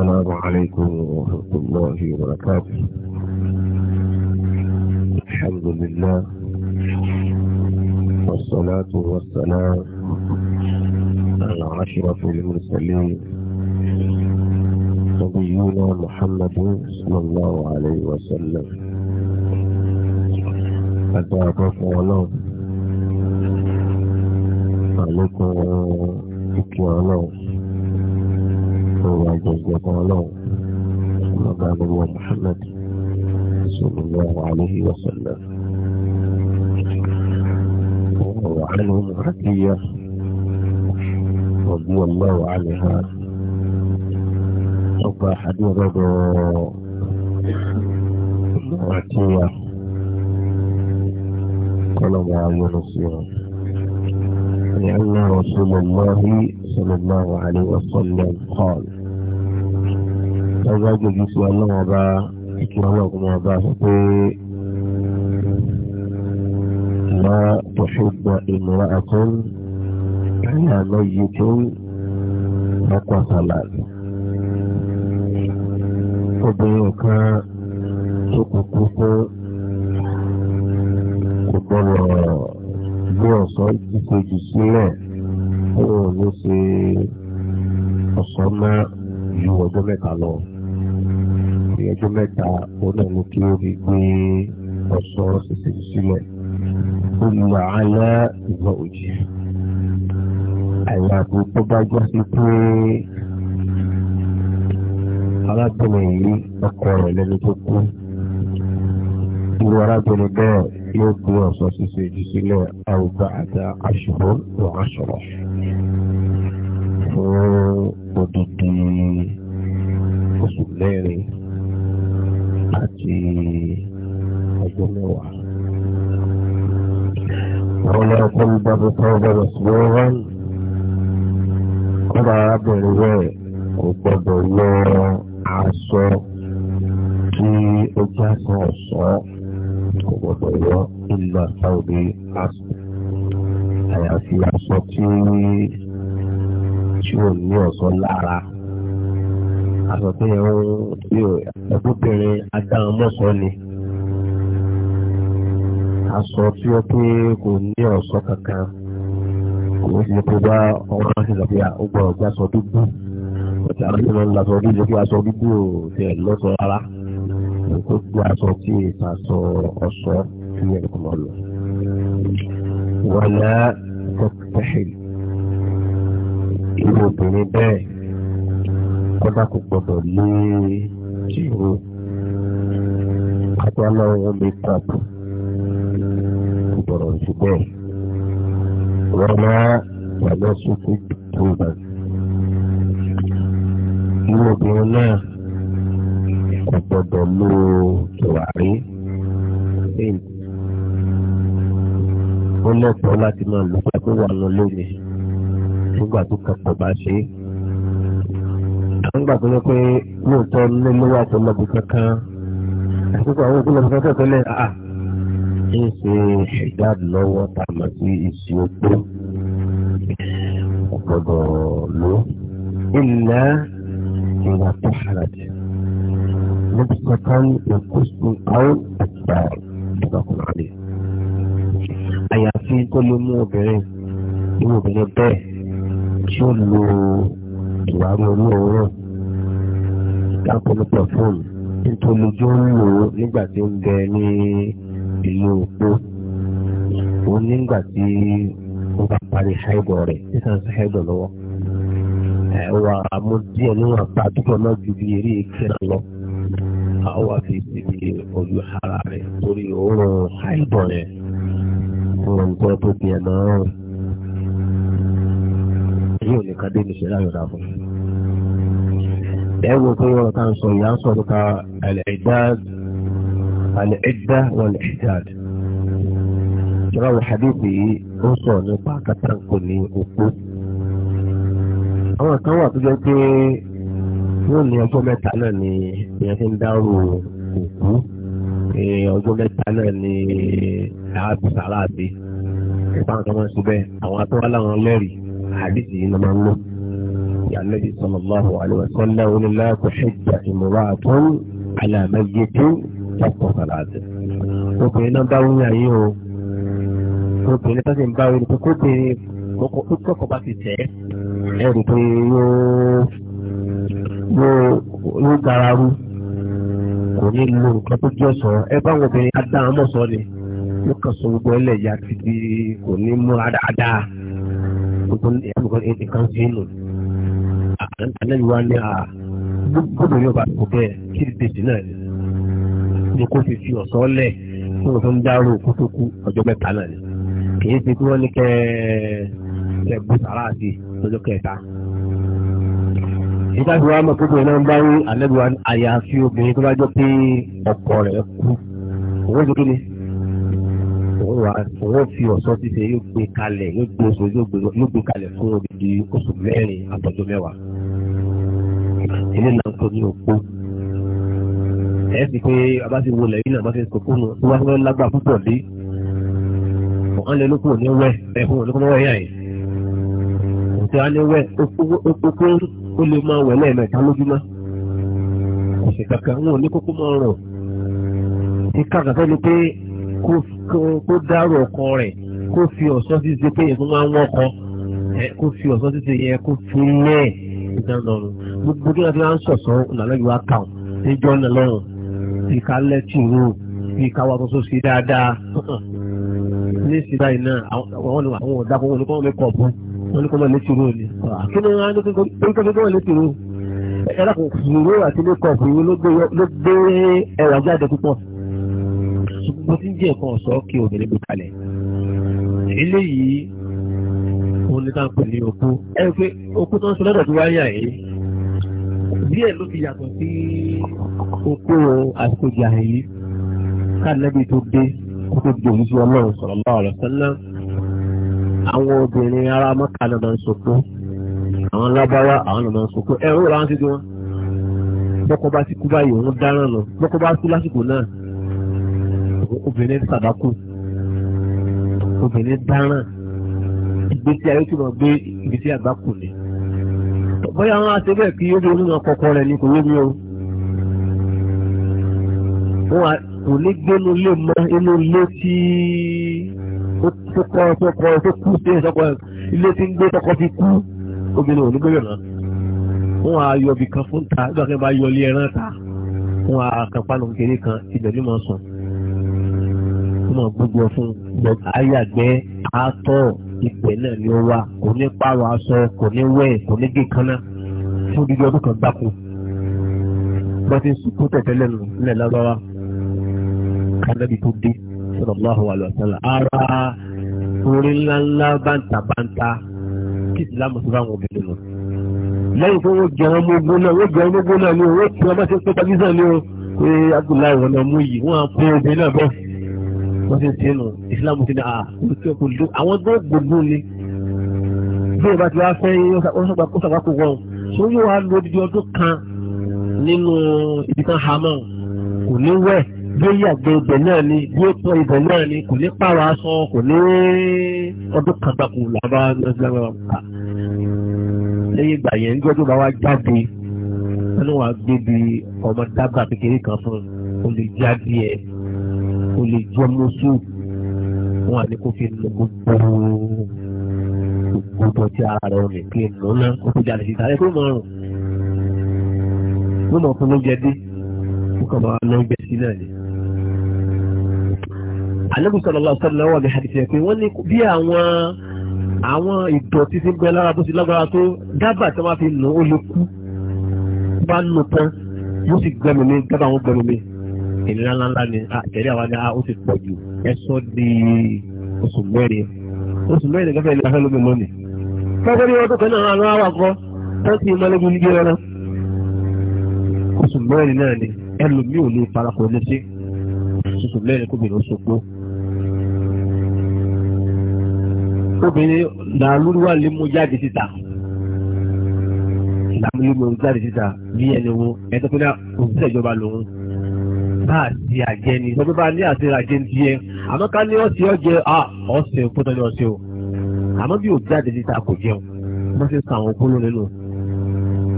السلام عليكم ورحمة الله وبركاته الحمد لله والصلاة والسلام على أشرف المرسلين نبينا محمد صلى الله عليه وسلم أتعرف الله عليكم وعليكم الله هو جزء قالوا وقال هو محمد صلى الله عليه وسلم وعنهم عتية رضي الله عنها وقال حديث عتية قال ما ينصيهم لأن رسول الله صلى الله عليه وسلم قال ọba gbèjì sí ọlọ́run ọba ìkí ọlọ́run ọba sọ pé lọ tọ́ṣọ́gbà ìmọ̀ra àkọ́n ẹ̀yà lọ́yẹ̀ tó ń lọ́kọ̀ àkàlà. obìnrin kan tó kù kú fún kò gbọ́dọ̀ bí ọ̀sán ìkejì sílẹ̀ ó ní ṣe ọ̀sán náà ju ọjọ́ mẹ́ta lọ lẹ́yìn ọjọ́ mẹ́ta òun náà ni kí ó rí gbé ọ̀ṣọ́ ṣẹṣẹ sílẹ̀ olùwà alá ìwà òjì àyàbò tó bá jọ sí pé arábìnrin yìí ọkọ rẹ̀ lẹ́nu tó kú irú arábìnrin bẹ́ẹ̀ yóò gbé ọ̀ṣọ́ ṣẹṣẹ sílẹ̀ àwùjọ àti aṣọ wọ aṣọ rẹ̀. àbí tọ́jọ́ mùsùlùmí kọ́dà arábìnrin rẹ̀ kò gbọ́dọ̀ lọ aṣọ tí ó jẹ́ aṣọ ọ̀ṣọ́ kò gbọ́dọ̀ lọ ìlú àtàwé aṣọ àyàfi aṣọ tí tí ò ní ọ̀ṣọ́ lára aṣọ tó yẹ ń ẹgbẹ́ obìnrin adáhùn mọ́sọ́ ni aṣọ tí ó pé kò ní ọ̀ṣọ́ kankan kò sí pé bá ọmọ ṣe sọ pé ó gbọ́dọ̀ gbé aṣọ dúdú ọ̀tí àwọn ìṣẹ̀lẹ̀ ńlá aṣọ dúdú pé aṣọ dúdú ò ti ẹ̀ rárá kó gbé aṣọ tí ìsàṣọ ọ̀ṣọ́ tí ẹ̀ kò lọ wọlé tọ́kítẹ́hìn irú obìnrin bẹ́ẹ̀ kọ́dà kò gbọ́dọ̀ lé jìrò àti ọlọ́run lè kọ́ọ̀pù ṣùgbọ́n wọ́n máa wà lọ́sùnkú tó bá. Inú obìnrin náà kò gbọ́dọ̀ lo tùràrí paint. Ó lẹ́tọ̀ọ́ láti máa lò pé kó wà lọ lónìí nígbà tó kọ̀ọ̀kan bá ṣe é. Nígbà tó yẹ pé lóòótọ́ ló lówó àtọ́lọ́bù kankan àti pé àwọn òkú lọ́bù kankan tẹ́lẹ̀ àà ń ṣe ìjáde lọ́wọ́ tá a mọ̀ sí ìṣe opó ọ̀gbọ́dọ̀ ló ilẹ̀ ìwà tó hàrà jẹ níbi kankan ìkóso àwọn àgbà ìgbàkùnrin rẹ̀ àyàfi tó lè mú obìnrin irú obìnrin bẹ́ẹ̀ tí ó lo ìwárí olóòórùn dákúnú pẹ̀fúm nítorí ojú ń lò nígbà tí ó ń bẹ ní ilé opó ó nígbà tí ó bá parí ṣáìdọ̀ rẹ̀ sísan ṣáìdọ̀ lọ́wọ́ ẹ̀wà mú díẹ̀ níwọ̀n bá dúpọ̀ náà ju bí eré kíra lọ àwọn wá fi síbi ojú ara rẹ̀ torí òórùn ṣáìdọ̀ rẹ̀ òórùn nǹkan tó bí ẹ̀ náà yóò ní kádé ní ṣẹlẹ̀ àyọ̀dá fún ẹ wo pé wọn kà ń sọ ìyá sọ nípa ẹ̀lẹ́dá al-idda wal-ihdad ìṣòro hadith yìí ó sọ nípa kátàkù ní opó àwọn kan wà tó jẹ́ pé wọ́n ní ọjọ́ mẹ́ta náà ni ìyẹn fi ń dárò òkú ọjọ́ mẹ́ta náà ni àábì sàláàbì ìpáwọn kan máa ń ṣe bẹ́ẹ̀ àwọn atọ́wá láwọn lẹ́rìí hadith yìí ni máa ń lò يا النبي صلى الله عليه وسلم لا تحج امرأة على ميت ọ̀pọ̀ láti. obìnrin náà bá wúyà yìí o obìnrin tó sì ń bá wúyà tó kó bìnrin tó kọ̀kọ̀ bá ti tẹ̀ ẹ́ rí pé yóò gararu kò ní lo nǹkan tó jẹ́ sọ ẹ bá àwọn obìnrin adáhàmọ̀ sọ ni ó kàn sọ gbogbo ẹlẹ́yà ti di kò ní múra dáadáa gbogbo nǹkan sí nù àlẹ́ yìí wá ní à gbogbo ní ọba kò bẹ́ẹ̀ kí ni bèsì náà ni kó fi fi ọ̀sán lẹ̀ tí wọ́n fi ń dárò kó tó kú ọjọ́ mẹ́ta náà ni kì í ṣe kí wọ́n ní kẹ́ ẹ bu sàrà sí lọ́jọ́ kẹta. nígbà tí wọ́n á mọ̀ pé obìnrin náà ń bá rí àlẹ́bí wa àyàfi obìnrin tó bá jọ pé ọkọ rẹ̀ kú òun ṣe kí ni òun fi ọ̀sán ṣíṣe yóò gbé kalẹ̀ yóò gbé oṣù yóò gbé kalẹ̀ fún odidi oṣù mẹ́rin àtọ́jú mẹ́wàá. ilé náà ń kọ́ ní òpó ẹ̀ sì pé abá ti wọlé yìí náà bá ti sọ̀kún nù tí wọ́n fẹ́ lágbà púpọ̀ dé ọ̀hán lè lókun ní wẹ́ ẹ̀ fún olókun wẹ́ yà yìí òtí á ní wẹ́ okókó ó lè máa wẹ̀ lẹ́ẹ̀mẹ́ta lójúmọ́ ọ̀sẹ̀ kankan wọn ò ní kókó máa rọ̀ ní kàkàtà ni pé kó dárò ọkọ rẹ̀ kó fi ọ̀ṣọ́ ṣíṣe pé yẹn máa ń wọ́kọ kó fi ọ̀ṣọ́ ṣíṣe yẹn kó fi lẹ́ẹ̀ gbogbo kí wọ́n fi máa ń ṣọ̀ṣọ́ làlọ́ yìí wá kà níjọ́ náà lọ́rùn bí ká lẹ́tìrú bí wà tuntun sí dáadáa ní ìsìn báyìí náà àwọn àwọn ọ̀dà kan wọn ni kọ́ wọn lè kọ̀ bọ́ wọn ni kọ́ wọn lẹ́tìrú ni kí ni wọn á ní kó wọn lẹ́tìrú ẹ̀rọ kò fúró àti lè kọ̀ fúró ló gbé ẹwà jáde púpọ̀ ṣùgbọ́n tí ń jẹ́ nǹkan ọ̀ṣọ́ kí obìnrin gbé kalẹ̀ eléyìí òun ni táwọn pè ní okú ẹ pé okú tó ń sọ lọ́dọ̀ tó wáyà yìí díẹ̀ ló ti yàtọ̀ sí okó àsìkò jàhìlì káàdínlẹ́bí tó dé kó tó di òyìnbó ọlọ́run sallallahu alaihi wasallam àwọn obìnrin ará mọ́ta náà máa ń sọkó àwọn lábáwá àwọn náà máa ń sọkó ẹ̀rọ làwọn ti di wọn bọ́kọ́ bá ti kú báyìí òun dáràn lọ bọ́kọ́ bá kú lásìkò náà obìnrin sàdákù obìnrin dáràn ìgbésí ayé tó máa gbé ìgbésí àgbákù ni bóyá wọn á ṣe bẹ́ẹ̀ kí yóò ní ọkọ̀ọ̀kọ̀ rẹ̀ ní kò yé mi o wọn kò ní gbénu lé mọ inú ilé tí tó kọ́ tó kọ́ tó kú sí ìsọkọ ilé tí ń gbé tọkọ fi kú obìnrin ò ní gbé yọ̀nà wọn á yọ ibì kan fún ta nígbà tí wọn bá yọ ilé ẹran ta wọn á kan pálọ̀ kékeré kan ibẹ̀ ní mọ̀ sùn wọn mọ̀ gbogbo fún ayé àgbẹ̀ àtọ̀ ìpè náà ni ó wà kò ní pààrọ̀ aṣọ kò ní wẹ̀ kò ní gé kaná fún dídí ọdún kan gbáko wọ́n ti ń sùkú tẹ̀tẹ́lẹ̀ nù nílẹ̀ lágbára kánábì tó dé sallallahu alaihi wasallam ara orin ńláńlá bántabántá kí ìsìlámù ti bá wọn obìnrin nù lẹ́yìn tó wọ́n jẹ wọn mógún náà wọ́n jẹ wọn mógún náà ni wọ́n ti wọn bá ti ń pẹ́ tàbí sàn ni o pé abdullahi wọn náà mú yìí wọ́n á pín obìnrin náà bẹ́ẹ̀ wọ́n ti ń tiẹ̀ nù ìsìlámù ti ní à kò ló àwọn tó gbogbo ni bí o bá ti wá fẹ́ ó sọ̀gbà kó wọ́n tó yóò wá lo odidi ọdún kan nínú ibi kan hamọ́ kò ní wẹ̀ bí ó yàgbẹ́ ibẹ̀ náà ni bí ó tọ́ ibẹ̀ náà ni kò ní pààrọ̀ aṣọ kò ní ọdún kan gbàkú làbá lọ́sílámù lẹ́yìn ìgbà yẹn ní ọdún bá wá jáde wọ́n wá gbé bi ọmọ dábàá kékeré kan fún olùjáde ẹ̀ kò lè jọ mọ́sù wọn àní kò fi nu gbogbo gbogbo tí ara rẹ̀ rìn kí nù náà kó tó jáde síta ẹgbẹ́ mọ́ ọ̀rùn nínú ọkùnrin oúnjẹ dé ó kàn máa lọ gbẹ sí náà ni. Ànábì sallallahu alaihi wasallam wà ní hadith yẹn pé wọ́n ní bí àwọn àwọn ìdọ̀tí ti ń bẹ lára bó ti lágbára tó dábàá tí wọ́n fi nù ó lè kú bá nù tán yóò sì gbẹmìí mi dábàá wọn gbẹmìí mi ìnira ńláńlá ni àtẹ̀lé àwọn ni ó ti pọ̀ jù ẹ̀sọ́ di oṣù mẹ́rin oṣù mẹ́rin gẹ́gẹ́ ní afẹ́lómi lónìí. fẹ́fẹ́ ní ọdún kan náà àwọn awakọ̀ tó ti mọ́lẹ́gbẹ́ ní gbé rẹ́rẹ́ oṣù mẹ́rin náà ni ẹlòmí ò lè parapọ̀ ní sí oṣù mẹ́rin kóbìnrin oṣù gbó. obìnrin làlúwà lè mú jáde síta làlúwà lè mú jáde síta bí ẹni wo ẹni tó òṣìṣẹ́ ìjọba lòun bá àti àjẹ ni sọ pé bá ní àti àjẹ ń tiẹ̀ àmọ́ ká ní ọ̀sẹ̀ ọ̀jẹ̀ ọ̀sẹ̀ òkúta ní ọ̀sẹ̀ o àmọ́ bí òbí àdé níta kò jẹun wọ́n ti sàn àwọn okóló nínú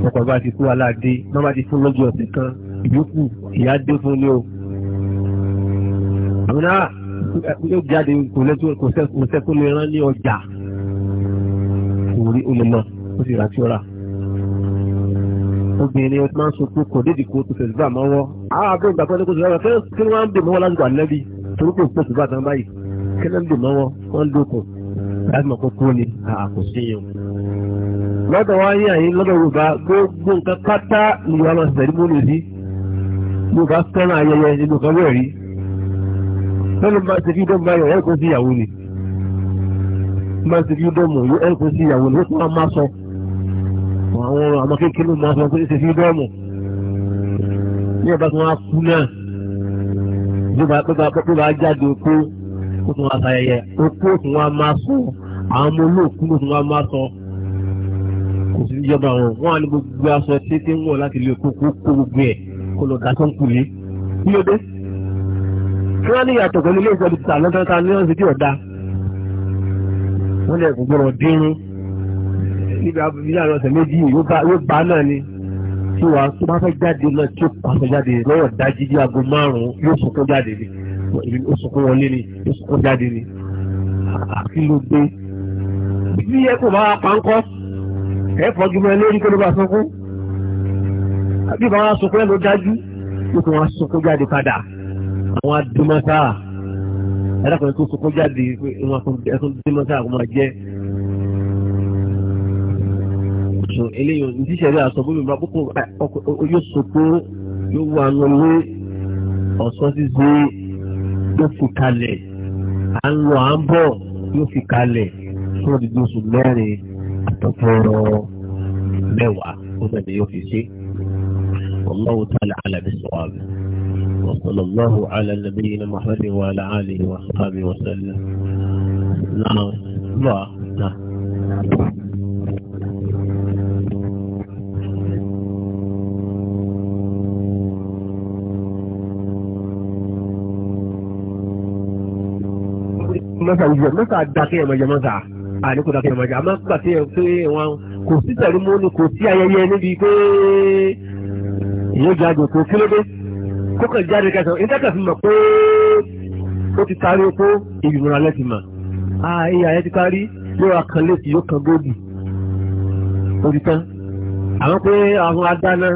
ọkọ̀ bá ti kú aláàdé wọ́n bá ti fún lọ́jọ́ ọ̀sẹ̀ kan ìyókù ìyá dé fún ní o. àwọn náà yóò jáde kò sẹ́kù ní ọjà kò rí ó sì rà tí ó rà obìnrin ọtí máa ń sọkún kò dédì kó tó fẹ̀sùbà mọ́wọ́ àwọn abẹ́rẹ́ ìgbà pẹ́ẹ́lẹ́kọ́ ìjọba fẹ́ kí wọ́n á ń dè mọ́wọ́ lásìkò ànẹ́bí torí kò fẹ̀sùbà tán báyìí kí wọ́n ń dè mọ́wọ́ wọ́n lókun láti mọ̀ kókó ni àkùsí yẹn. lọ́dọ̀ wá yín àyín lọ́dọ̀ Yorùbá gbogbo nǹkan pátá ni Yorùbá máa sẹ̀rí mú nìyí Yorùbá fẹ́ràn ayẹyẹ nínú kan bẹ́ẹ̀ rí lọ́nà máa ṣe fi dọ́mù báyọ̀ ẹ̀ kó sí ìyàwó ni máa ṣe fi àwọn ọmọ kékeré máa sọ pé ṣe fi dọ́ọ̀mù ní ọba tí wọ́n á kú náà bí bá jáde oko ó tún wá ṣayẹyẹ oko ó tún wá máa sọ àwọn ọmọ olóòkú ó tún wá máa sọ kò sí ìjọba wọn wọn á ní gbogbo aṣọ títí ń wọ̀ láti lè kó kó gbogbo ẹ̀ kó lọ dáṣọ́ ń kulè kí ló dé kí wọ́n ní ìyàtọ̀ pẹ̀lú ilé ìjọba ìtàn lọ́tọ́ta ní ọ̀sẹ̀ tí ọ̀dà wọ́n lè gbọ́dọ̀ dínrín níbi àbúrò àrùn ọ̀sẹ̀ méjì yóò bá náà ni tí wàá tó bá fẹ́ jáde náà tí ó pàṣẹ jáde lọ́wọ́ dájí bí aago márùn-ún yóò sunkún jáde ni ó sunkún wọlé ni ó sunkún jáde ni àti ló gbé. bí ẹ kò bá pa ń kọ́ ẹ fọ́jú mọ́ ẹ lórí kó ló bá sunkún bí bá wàá sunkún ẹ ló dájú ó kò wá sunkún jáde padà àwọn adúmọ́sáà ẹ̀dá kan jẹ́ so eléyìí ní tíṣẹ̀rí àsọgbómi bá púpọ̀ yóò sopó yóò wà nù ní ọ̀sán ṣíṣe yóò fi kalẹ̀ à ń lọ à ń bọ̀ yóò fi kalẹ̀ fún odidi oṣù mẹ́rin àtọ́fọ́rọ́ mẹ́wàá ó bẹ̀rẹ̀ yóò fi ṣe. والله تعالى على بالصواب وصلى الله على نبينا محمد وعلى اله وصحبه وسلم نعم الله نعم mọ́sà gbogbo ẹ̀ mọ́sà dákẹ́ ẹ̀ mọ́jà mọ́sà àní kò dákẹ́ ẹ̀ mọ́jà àmọ́ gbà tí ẹ̀ pé wọn kò sí sẹ̀rímọ́nì kò sí ayẹyẹ níbi pé ìyóò jáde kò kí ló dé kó kàn jáde kẹsàn-án ìdákẹ́ fi mọ̀ pé ó ti taari oko ìgbìmọ̀ alẹ́ ti mọ̀ ààyè ayé ti taari yóò kàn létí yóò kàn góòdì ó ti tán àwọn pé àwọn adáná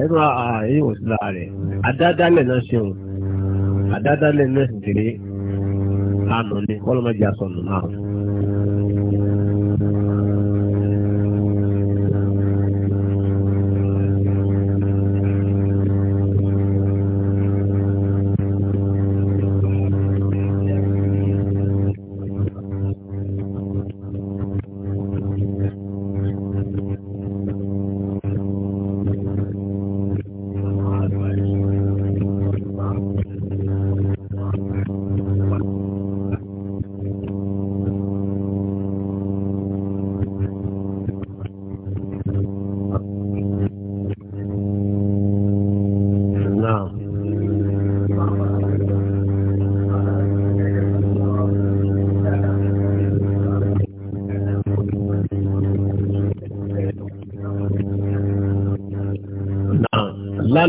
ẹnu ààyè òsínlá rẹ̀ adádálẹ̀ náà ṣeun adádálẹ̀ náà sì tẹ̀lé lánàá ni kọ́lọ́mọdé àsọ̀nù náà.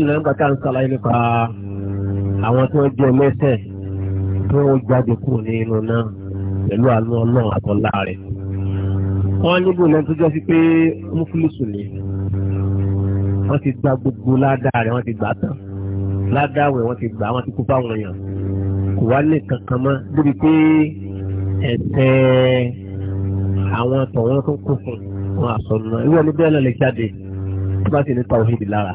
lánàá nígbà tá à ń sàlàyé nípa àwọn tí wọ́n jẹ́ ẹlẹ́sẹ̀ tí wọ́n jáde kúrò nínú náà pẹ̀lú àánú ọlọ́run àtọ́lá rẹ̀. wọ́n níbo lẹ́nu tó jẹ́ sí pé mufilisu ni wọ́n ti gba gbogbo ládàá rẹ̀ wọ́n ti gbà tán ládàá rẹ̀ wọ́n ti gbà wọ́n ti kó fáwọn èèyàn kò wá lè kankan mọ́ débi pé ẹ̀sẹ̀ àwọn tọ̀wọ́n tó kún fún wọn àsọ̀nù náà irú ẹni bẹ́ẹ̀ náà lè jáde tó bá sì ní tàwọn ìdí lára.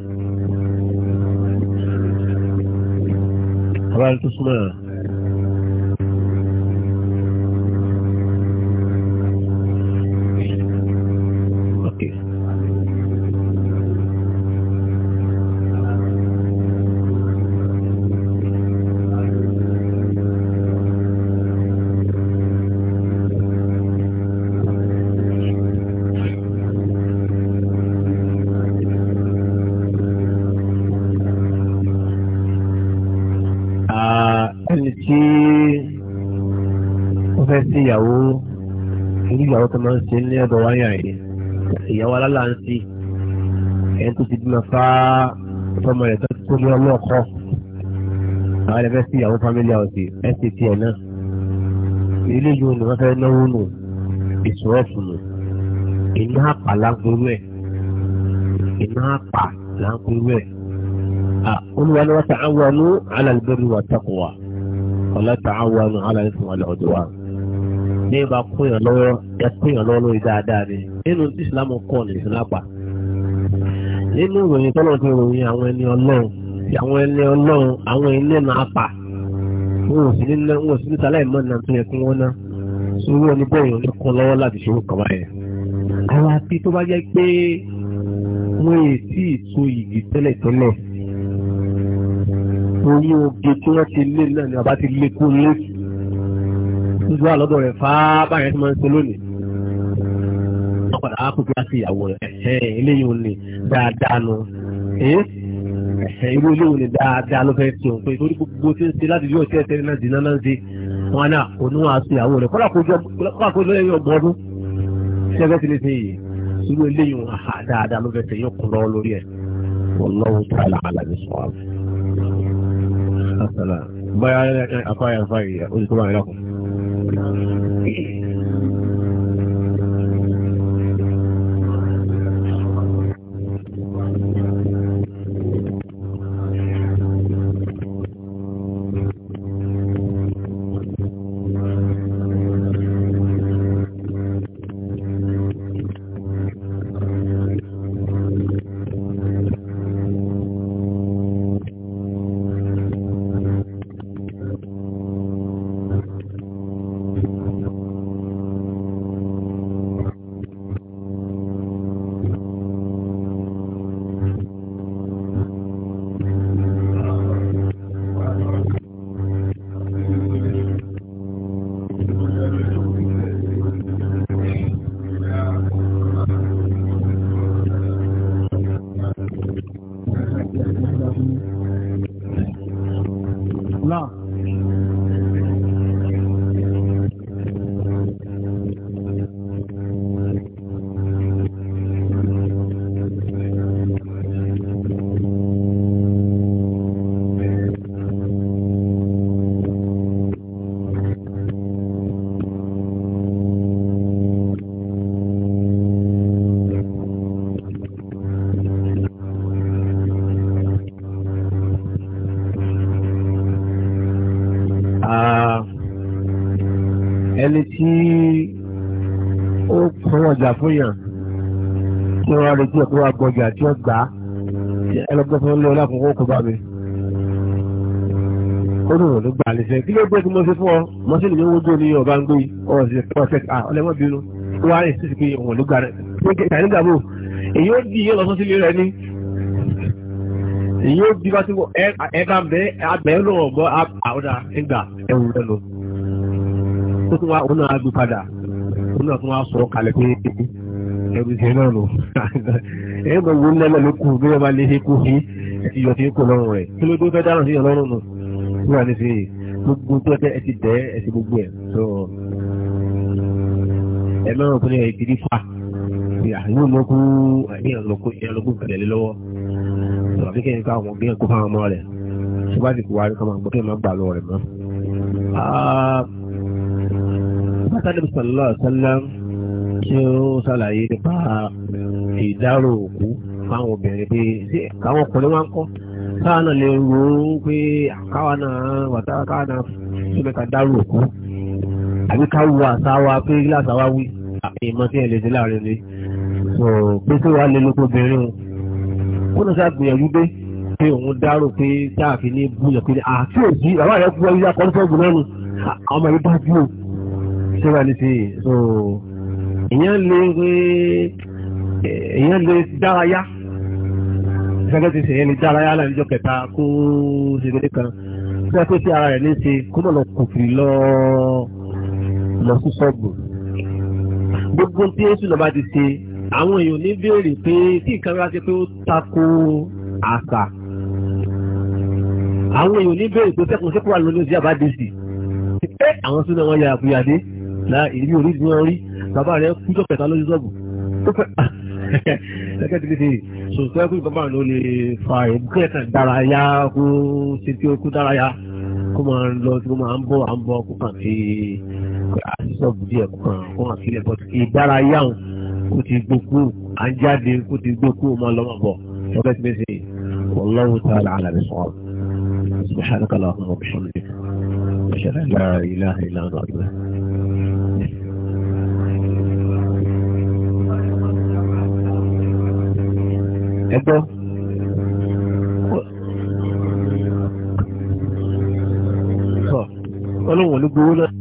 Quran tó súnmọ́ máa ń ṣe ní ọ̀dọ̀ wáyà yìí ìyàwó alálà ń sí ẹni tó ti bímọ fáá fọmọ rẹ̀ tó ti tó ní ọlọ́ọ̀kọ́ àwọn ẹlẹ́fẹ́ sí ìyàwó fámílì àwòsí sct ẹ̀ náà ilé yìí ni wọ́n fẹ́ náwó nù ìṣòrọ̀fù nù iná àpà lágbóró ẹ̀ iná àpà lágbóró ẹ̀ olùwà ni wọ́n ta àwọn ọ̀nù alàlùbẹ́rù wà taqwa wọ́n lọ́ta àwọn ọ̀nù alàlùfẹ́ wà lọ́dọ̀ wa ní ìbá kóyàn lọ́wọ́ ẹ kóyàn lọ́wọ́ lórí dáadáa ni nínú tí ìsìlámù kọ́ ní ìsìlápà nínú ìròyìn tọ́lọ̀ ti ròyìn àwọn ẹni ọlọ́run ti àwọn ẹni ọlọ́run àwọn ẹni náà pa wọn ò sí ní ná wọn ò sí ní sáláì mọ́ náà tó yẹ kí wọ́n ná sórí wọn ní bẹ́ẹ̀ ní kọ́ lọ́wọ́ láti ṣòwò kàn báyẹn. àwọn àti tó bá jẹ́ pé wọ́n yè tí ìtò ìgì tẹ́lẹ̀ tẹ́lẹ̀ oyún oge tí wọ́n ti lé náà ni bàbá ti lé kó lé sí gbogbo àlọ́dọ̀ rẹ̀ fà á báyẹn tó máa ń ṣe lónìí. wọ́n padà á kó kí á sí ìyàwó rẹ̀ ẹ̀hẹ́ eléyìí ò ní dáadáa nu ẹ̀hẹ́ irú eléyìí ò ní dáadáa ló fẹ́ ṣe òun pé torí gbogbo tí ń ṣe láti yóò ṣe ẹ̀ṣẹ̀ náà dìná náà ṣe wọn náà òun á sí ìyàwó rẹ̀ kọ́lá kó jọ lẹ́yìn ọgbọ́n ọdún ṣẹ́fẹ́ ti lè ṣe yìí irú eléyìí ò dáadáa ló fẹ́ ṣe yóò kún lọ́wọ́ lórí ẹ̀ wọ́n lọ́wọ́ báyà afáyà afáyà olùkọ́ bá mm-hmm. ẹni tí ó kún ọjà fún yàn tí wọ́n retí ẹ̀kọ́ wa gbọ́jà tí ó gbà á ẹlọ́gbọ́n fún lọ́wọ́ lákòókò kó bá mi. ó dùn òní gbà lẹ́sẹ̀ kí ló gbé tí mo ṣe fún ọ mo sì nìyẹn wójú ni ọba ń gbé ọ̀rọ̀ sí à ọlẹ́mọ̀ bínú wá èsì sí pé òun ló gbà rẹ̀ kàní gàbó èyí ó di iye lọ́sọ́ sílé rẹ̀ ní. èyí ó di bá tí mo ẹ bá bẹ abẹ́ lọ́wọ́ gbọ́ àwọ̀dà ẹgbà ẹ̀wù rẹ̀ lọ tó tún wá òun náà gbé padà òun náà tún wá sọ kalẹ̀ pé ẹrù ṣe náà nù ẹ mọ̀ wo lẹ́lẹ̀ ló kù bí wọ́n bá lè ṣe kú sí ìyọ̀ tí kò lọ́rùn rẹ̀ kí ló dé fẹ́ dáràn sí ìyọ̀ lọ́rùn nù wíwà ní sèé gbogbo tó tẹ ẹ ti dẹ́ ẹ ti gbogbo ẹ̀ tó ẹ mọ̀ òkú ni ẹ kiri fa yóò lọ́kú ẹ̀yọ̀lọ́kú kẹlẹ̀ lọ́wọ́ àbí kẹ́yìn ká àwọn gbé ẹ̀kọ́ fáwọn ọmọ rẹ̀ ṣùgbọ́n àti kò wá rí kọ́ máa máa gbà lọ́wọ́ rẹ̀ mọ́. Ah, bàtà níbi sàlọ́ àṣálá tí ó ṣàlàyé nípa ìdárò òkú fáwọn obìnrin pé ṣé káwọn ọkùnrin wá ń kọ́ káwa náà lè rò ó pé káwa náà wàtá káwa náà ṣẹ́mẹ́ka dárò òkú àbí ká wo àṣà wa pé láṣà wa wí ìmọ̀ tí ẹ̀ lè ṣe láàrin ni pé tí wàá lè lóko obìnrin o kó náà ṣàgbìyànjú dé pé òun dárò pé táàfin ní búyọ̀ pé àti òsì àwọn àyẹ̀kú ẹ̀yà kọ́ńtọ́ọ̀gù náà ni àwọn ọmọ yìí bá dúró tí wà ní sí so èèyàn lè pé èèyàn lè dárayá ìfẹ́fẹ́ ti ṣèyẹn lè dárayá láàrín kẹta kó ṣe gbé kan tí wọ́n pé sí ara rẹ̀ ní ṣe kó mọ̀ lọ kùfì lọ lọ sí sọ́ọ̀bù gbogbo tí Jésù lọ́ba ti ṣe àwọn èèyàn ní béèrè pé tí nǹkan bá ṣe pé ó tako àṣà àwọn èèyàn ní béèrè pé sẹ́kùn sẹ́kùn wà lónìí sí àbádé sí pé àwọn súnà wọn yà àbúyàdé náà ìrírí orí ìdúró bàbá rẹ̀ kú tó kẹta lójú sọ́ọ̀bù tó fẹ́ gẹ́gẹ́ bí ti sòtò ẹ̀kú bàbá rẹ̀ ló lè fa ìbúkẹ́ kan kó ṣe tí ó kú dárayá kó máa ń lọ kó máa ń bọ̀ à ń bọ̀ kó kàn fi àṣìṣọ́ọ̀bù díẹ̀ kó kàn kó hàn sílẹ̀ bọ́t ìdárayá òun kó ti gbókú à ń jáde kó ti gbókú máa lọ́mọ bọ̀ ọ̀gá ti bẹ́sẹ̀ wallahu ta'ala سبحانك اللهم وبحمدك أشهد أن لا إله إلا أنت ẹgbọ́ ọlọ́wọ̀n ló gbowó lọ́wọ́